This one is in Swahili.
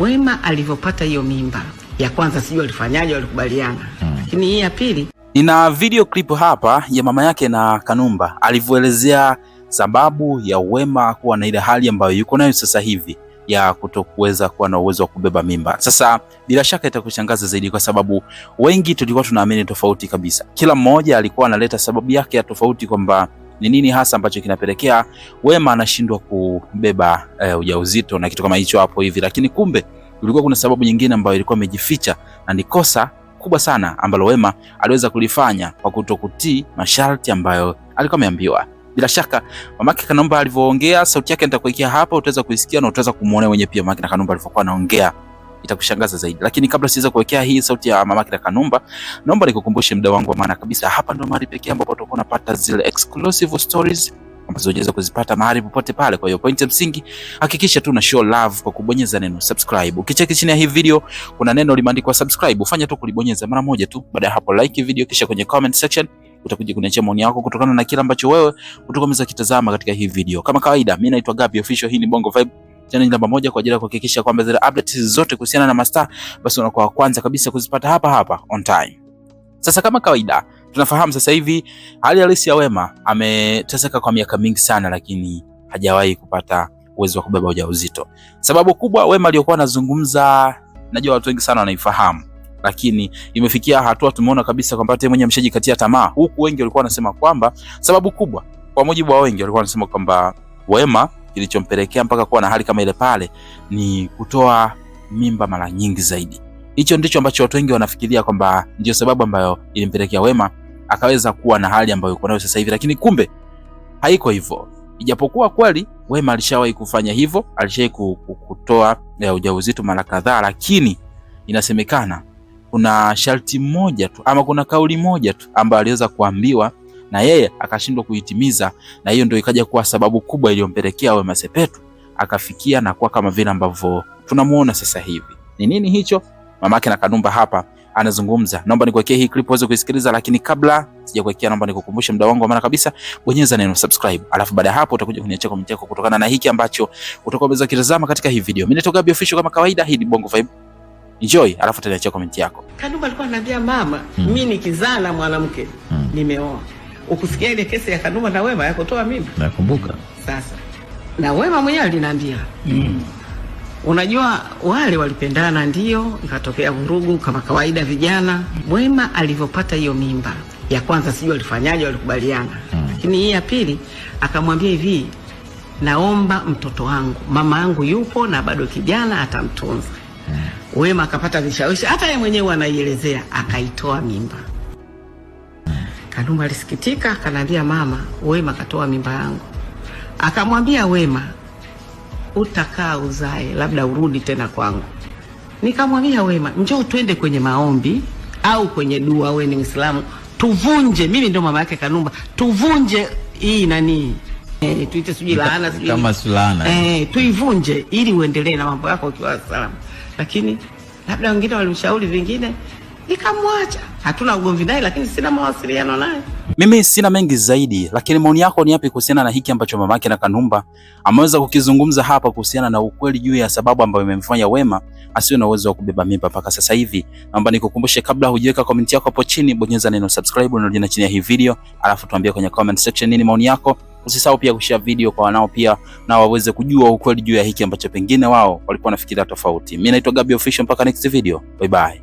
Wema alivyopata hiyo mimba ya kwanza, sijui walifanyaje, walikubaliana hmm. Lakini hii ya pili, nina video clip hapa ya mama yake na Kanumba alivyoelezea sababu ya Wema kuwa na ile hali ambayo yuko nayo sasa hivi ya kutokuweza kuwa na uwezo wa kubeba mimba. Sasa bila shaka itakushangaza zaidi, kwa sababu wengi tulikuwa tunaamini tofauti kabisa. Kila mmoja alikuwa analeta sababu yake ya tofauti kwamba ni nini hasa ambacho kinapelekea Wema anashindwa kubeba e, ujauzito na kitu kama hicho hapo hivi, lakini kumbe ulikuwa kuna sababu nyingine ambayo ilikuwa imejificha na ni kosa kubwa sana ambalo Wema aliweza kulifanya kwa kutokutii masharti ambayo alikuwa ameambiwa. Bila shaka mamake Kanumba alivyoongea, sauti yake nitakuwekea hapa, utaweza kuisikia na utaweza kumuona mwenyewe pia mamake na Kanumba alivyokuwa anaongea itakushangaza zaidi. Lakini kabla siweza kuwekea hii sauti ya Mama yake Kanumba, naomba nikukumbushe mda wangu wa maana kabisa. Hapa ndo mahali pekee ambapo utakuwa unapata zile exclusive stories ambazo unaweza kuzipata mahali popote pale. Kwa hiyo point ya msingi, hakikisha tu na show love kwa kubonyeza neno subscribe. Ukicheki chini ya hii video kuna neno limeandikwa subscribe, ufanya tu kulibonyeza mara moja tu. Baada ya hapo, like video, kisha kwenye comment section utakuja kuniachia maoni yako kutokana na kile ambacho wewe utakuwa umeweza kitazama katika hii video. Kama kawaida, mimi naitwa Gabi Official, hii ni Bongo Vibe channel namba moja kwa ajili ya kuhakikisha kwamba zile updates zote kuhusiana na masta basi unakuwa wa kwanza kabisa kuzipata hapa hapa on time. Sasa kama kawaida tunafahamu sasa hivi hali halisi ya Wema ameteseka kwa miaka mingi sana, lakini hajawahi kupata uwezo wa kubeba ujauzito. Sababu kubwa Wema aliyokuwa anazungumza, najua watu wengi sana wanaifahamu, lakini imefikia hatua tumeona kabisa kwamba yeye mwenyewe ameshajikatia tamaa, huku wengi walikuwa wanasema kwamba sababu kubwa, kwa mujibu wa wengi walikuwa wanasema kwamba Wema kilichompelekea mpaka kuwa na hali kama ile pale ni kutoa mimba mara nyingi zaidi. Hicho ndicho ambacho watu wengi wanafikiria kwamba ndio sababu ambayo ilimpelekea Wema akaweza kuwa na hali ambayo yuko nayo sasa hivi, lakini kumbe haiko hivyo. Ijapokuwa kweli Wema alishawahi kufanya hivyo, alishawahi kutoa eh, ujauzito mara kadhaa, lakini inasemekana kuna sharti moja tu ama kuna kauli moja tu ambayo aliweza kuambiwa na yeye akashindwa kuitimiza, na hiyo ndio ikaja kuwa sababu kubwa iliyompelekea Wema Sepetu akafikia na kuwa kama vile ambavyo tunamuona sasa hivi. Ni nini hicho? Mamake na Kanumba hapa anazungumza. Naomba nikuwekee hii clip uweze kuisikiliza, lakini kabla sijakuwekea, naomba nikukumbushe muda wangu wa mara kabisa, bonyeza neno subscribe, alafu baada ya hapo utakuja kuniachia comment yako kutokana na hiki ambacho utakuwa umeweza kutazama katika hii video. Mimi nitoka Gabi Official kama kawaida, hii ni Bongo Vibe. Enjoy, alafu utaniachia comment yako. Kanumba alikuwa ananiambia mama, hmm. mimi nikizaa na mwanamke hmm. nimeoa ukusikia ile kesi ya Kanuma na Wema yakotoa mimba, nakumbuka sasa, na Wema mwenyewe aliniambia mm. Unajua wale walipendana, ndio ikatokea vurugu kama kawaida. Vijana Wema alivyopata hiyo mimba ya kwanza, sijui walifanyaje, walikubaliana mm. Lakini hii ya pili akamwambia hivi, naomba mtoto wangu, mama yangu yupo na bado kijana, atamtunza mm. Wema akapata vishawishi, hata yeye mwenyewe anaielezea, akaitoa mimba. Kanumba alisikitika akanambia, mama Wema katoa mimba yangu. Akamwambia Wema, utakaa uzae, labda urudi tena kwangu. Nikamwambia Wema, njoo twende kwenye maombi au kwenye dua, wewe ni Muislamu, tuvunje. Mimi ndio mama yake Kanumba, tuvunje hii nani E, tuite sijui laana sijui kama sulana e, eh, tuivunje ili uendelee na mambo yako ukiwa salama, lakini labda wengine walimshauri vingine nikamwacha. Hatuna ugomvi naye, lakini sina mawasiliano naye. Mimi sina mengi zaidi, lakini maoni yako ni yapi kuhusiana na hiki ambacho mamake na Kanumba ameweza kukizungumza hapa kuhusiana na ukweli juu ya sababu ambayo imemfanya Wema asiwe na uwezo wa kubeba mimba mpaka sasa hivi? Naomba nikukumbushe, kabla hujaweka comment yako hapo chini, bonyeza neno subscribe na unaojiona chini ya hii video, alafu tuambie kwenye comment section nini maoni yako. Usisahau pia kushare video kwa wanao pia na waweze kujua ukweli juu ya hiki ambacho pengine wao walikuwa wanafikiria tofauti. Mimi naitwa Gabby Official, mpaka next video, bye bye.